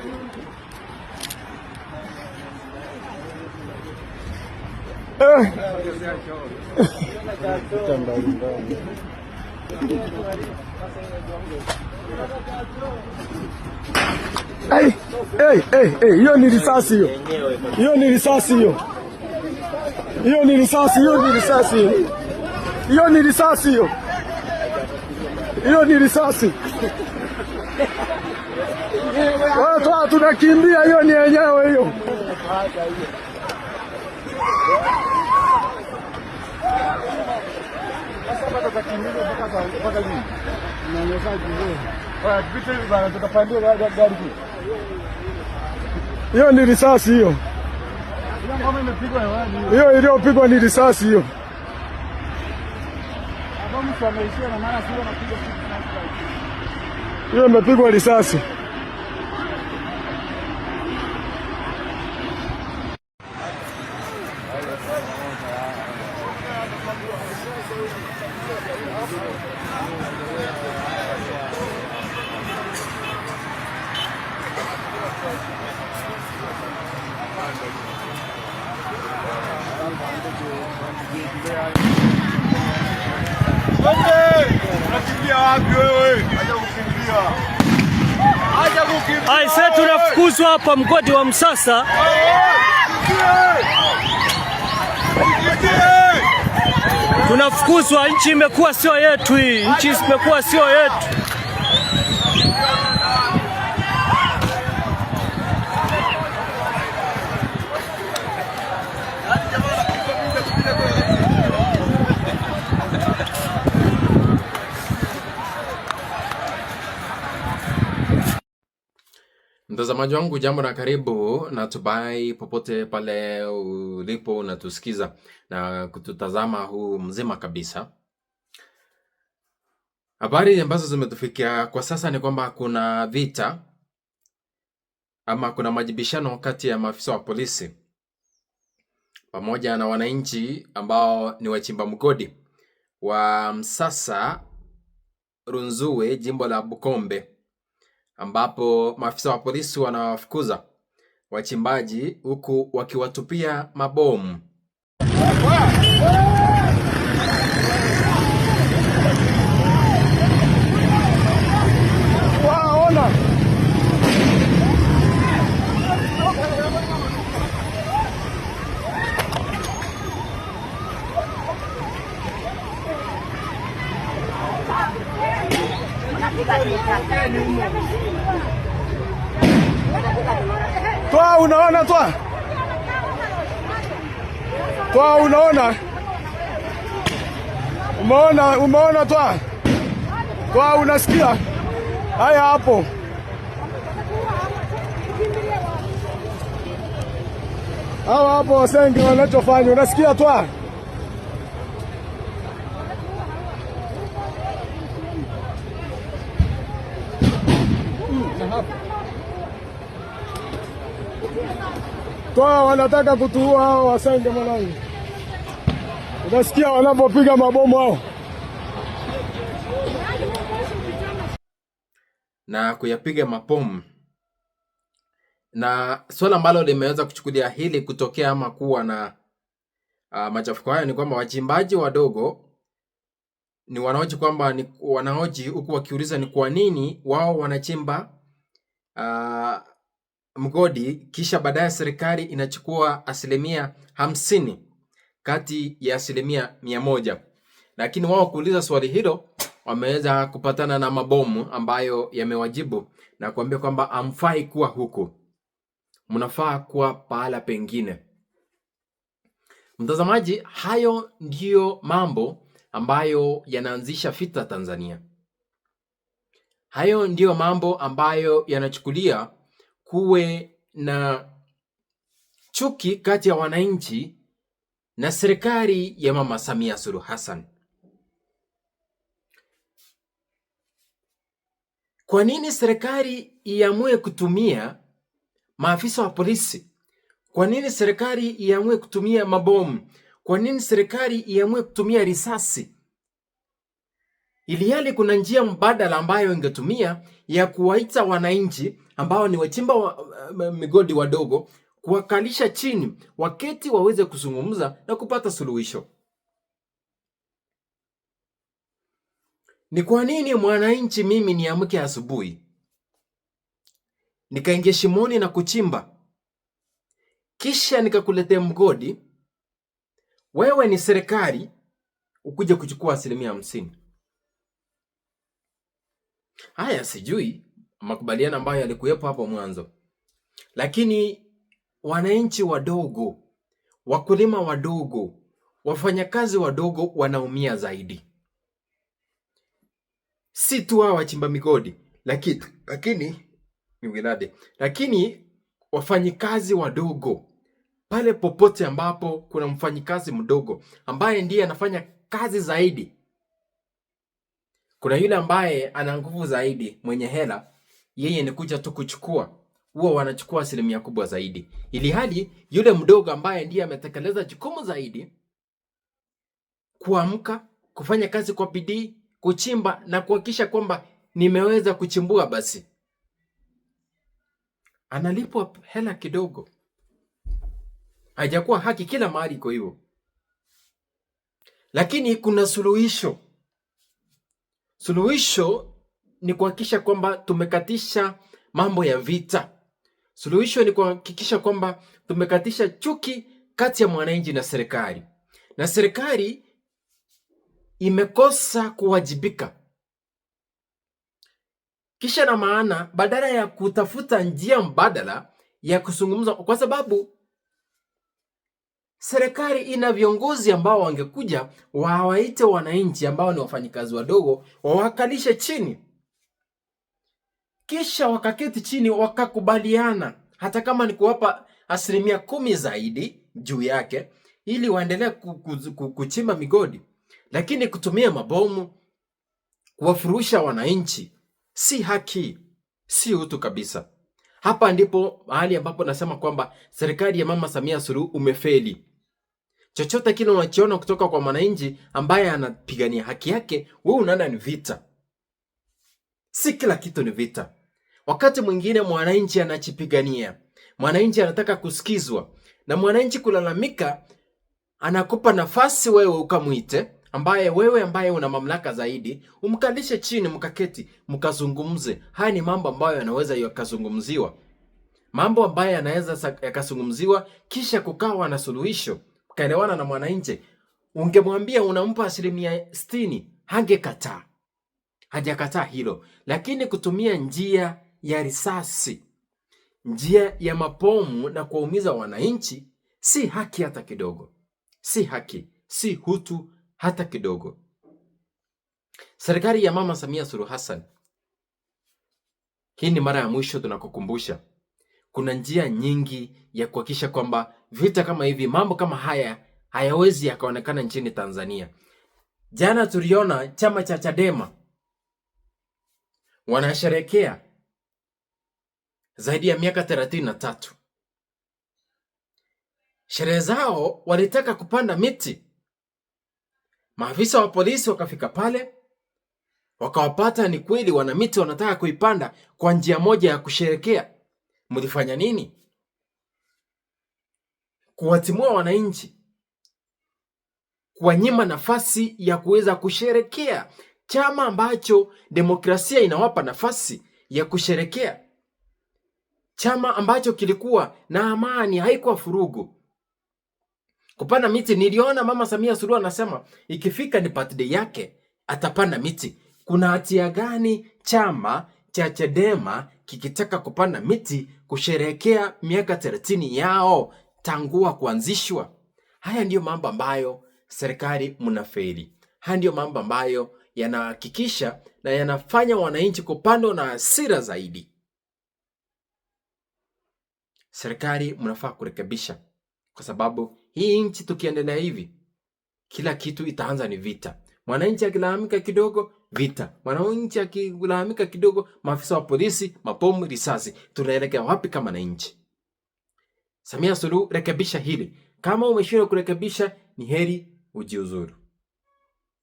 Hey, hey, hey, hey, yóò ní rìsáàsì yóò. Yóò ní rìsáàsì yóò. Yóò ní rìsáàsì yóò ní rìsáàsì yóò. Yóò ní rìsáàsì yóò. Yóò ní rìsáàsì. watu tunakimbia, hiyo ni yenyewe hiyo. Hiyo ni risasi hiyo, hiyo iliyopigwa ni risasi hiyo. Hiyo imepigwa risasi. Unakimbia wapi wewe? kukimbia. kukimbia. sasa tunafukuzwa hapa mgodi wa Msasa. Tunafukuzwa, nchi imekuwa sio yetu hii. Nchi imekuwa sio yetu. Mtazamaji wangu jambo na karibu, natubai popote pale ulipo unatusikiza na kututazama huu mzima kabisa. Habari ambazo zimetufikia kwa sasa ni kwamba kuna vita ama kuna majibishano kati ya maafisa wa polisi pamoja na wananchi ambao ni wachimba mgodi wa Msasa Runzuwe, jimbo la Bukombe ambapo maafisa wa polisi wanawafukuza wachimbaji huku wakiwatupia mabomu. Toa unaona, toa toa, unaona, umeona, umeona, toa toa, unasikia? Haya, hapo hawa hapo Wasengi wanachofanya, unasikia? Toa kwa wanataka kutuua hao Wasenge, mwanangu, unasikia wanapopiga mabomu hao. Na kuyapiga mabomu na swala ambalo limeweza kuchukulia hili kutokea ama kuwa na uh, machafuko hayo ni kwamba wachimbaji wadogo ni wanaoji kwamba ni wanaoji huku wakiuliza ni kwa nini wao wanachimba uh, mgodi, kisha baadaye serikali inachukua asilimia hamsini kati ya asilimia mia moja. Lakini wao kuuliza swali hilo wameweza kupatana na mabomu ambayo yamewajibu na kuambia kwamba amfai kuwa huku, mnafaa kuwa pahala pengine. Mtazamaji, hayo ndiyo mambo ambayo yanaanzisha fita Tanzania. Hayo ndiyo mambo ambayo yanachukulia kuwe na chuki kati ya wananchi na serikali ya Mama Samia Suluhu Hassan. Kwa nini serikali iamue kutumia maafisa wa polisi? Kwa nini serikali iamue kutumia mabomu? Kwa nini serikali iamue kutumia risasi? iliali kuna njia mbadala ambayo ingetumia ya kuwaita wananchi ambao ni wachimba wa, eh, migodi wadogo kuwakalisha chini waketi waweze kuzungumza na kupata suluhisho. Ni kwa nini mwananchi mimi niamke asubuhi nikaingia shimoni na kuchimba kisha nikakuletea mgodi, wewe ni serikali ukuja kuchukua asilimia hamsini? Haya sijui makubaliano ambayo yalikuwepo hapo mwanzo, lakini wananchi wadogo, wakulima wadogo, wafanyakazi wadogo wanaumia zaidi, si tu hawa wachimba migodi, lakini lakini niwilade, lakini wafanyikazi wadogo pale popote ambapo kuna mfanyikazi mdogo ambaye ndiye anafanya kazi zaidi kuna yule ambaye ana nguvu zaidi, mwenye hela, yeye ni kuja tu kuchukua, huwa wanachukua asilimia kubwa zaidi, ili hali yule mdogo ambaye ndiye ametekeleza jukumu zaidi, kuamka, kufanya kazi kwa bidii, kuchimba na kuhakikisha kwamba nimeweza kuchimbua, basi analipwa hela kidogo. Haijakuwa haki kila mahali, kwa hivyo, lakini kuna suluhisho. Suluhisho ni kuhakikisha kwamba tumekatisha mambo ya vita. Suluhisho ni kuhakikisha kwamba tumekatisha chuki kati ya mwananchi na serikali, na serikali imekosa kuwajibika. Kisha na maana, badala ya kutafuta njia mbadala ya kuzungumza, kwa sababu serikali ina viongozi ambao wangekuja wawaite wananchi ambao ni wafanyikazi wadogo, wawakalishe chini, kisha wakaketi chini wakakubaliana, hata kama ni kuwapa asilimia kumi zaidi juu yake, ili waendelee kuchimba migodi, lakini kutumia mabomu kuwafurusha wananchi si haki, si utu kabisa. Hapa ndipo mahali ambapo nasema kwamba serikali ya Mama Samia Suluhu umefeli. Chochote kile unachiona kutoka kwa mwananchi ambaye anapigania haki yake, wewe unaona ni vita. Si kila kitu ni vita. Wakati mwingine mwananchi anachipigania, mwananchi anataka kusikizwa, na mwananchi kulalamika, anakupa nafasi wewe ukamwite, ambaye wewe ambaye una mamlaka zaidi, umkalishe chini, mkaketi, mkazungumze. Haya ni mambo ambayo yanaweza yakazungumziwa, mambo ambayo yanaweza yakazungumziwa, kisha kukawa na suluhisho akaelewana na mwananchi, ungemwambia unampa asilimia sitini, hangekataa, hajakataa hilo. Lakini kutumia njia ya risasi, njia ya mabomu na kuwaumiza wananchi, si haki hata kidogo, si haki, si hutu hata kidogo. Serikali ya Mama Samia Suluhu Hassan, hii ni mara ya mwisho tunakukumbusha, kuna njia nyingi ya kuhakikisha kwamba vita kama hivi, mambo kama haya hayawezi yakaonekana nchini Tanzania. Jana tuliona chama cha Chadema wanasherekea zaidi ya miaka thelathini na tatu. Sherehe zao walitaka kupanda miti, maafisa wa polisi wakafika pale wakawapata, ni kweli wana miti wanataka kuipanda kwa njia moja ya kusherekea. Mlifanya nini? kuwatimua wananchi, kuwanyima nafasi ya kuweza kusherekea chama ambacho demokrasia inawapa nafasi ya kusherekea, chama ambacho kilikuwa na amani, haikuwa furugu. Kupanda miti, niliona Mama Samia Suluhu anasema ikifika ni birthday yake atapanda miti. Kuna hatia gani chama cha Chadema kikitaka kupanda miti kusherehekea miaka 30 yao tangua kuanzishwa. Haya ndiyo mambo ambayo serikali mnafeli. Haya ndiyo mambo ambayo yanahakikisha na yanafanya wananchi kupandwa na hasira zaidi. Serikali mnafaa kurekebisha, kwa sababu hii nchi tukiendelea hivi, kila kitu itaanza ni vita. Mwananchi akilalamika kidogo, vita. Mwananchi akilalamika kidogo, maafisa wa polisi, mabomu, risasi. Tunaelekea wapi kama na nchi? Samia Suluhu, rekebisha hili. Kama umeshindwa kurekebisha, ni heri ujiuzuru,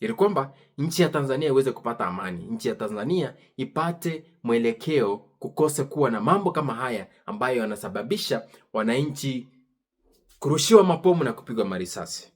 ili kwamba nchi ya Tanzania iweze kupata amani, nchi ya Tanzania ipate mwelekeo, kukose kuwa na mambo kama haya ambayo yanasababisha wananchi kurushiwa mapomu na kupigwa marisasi.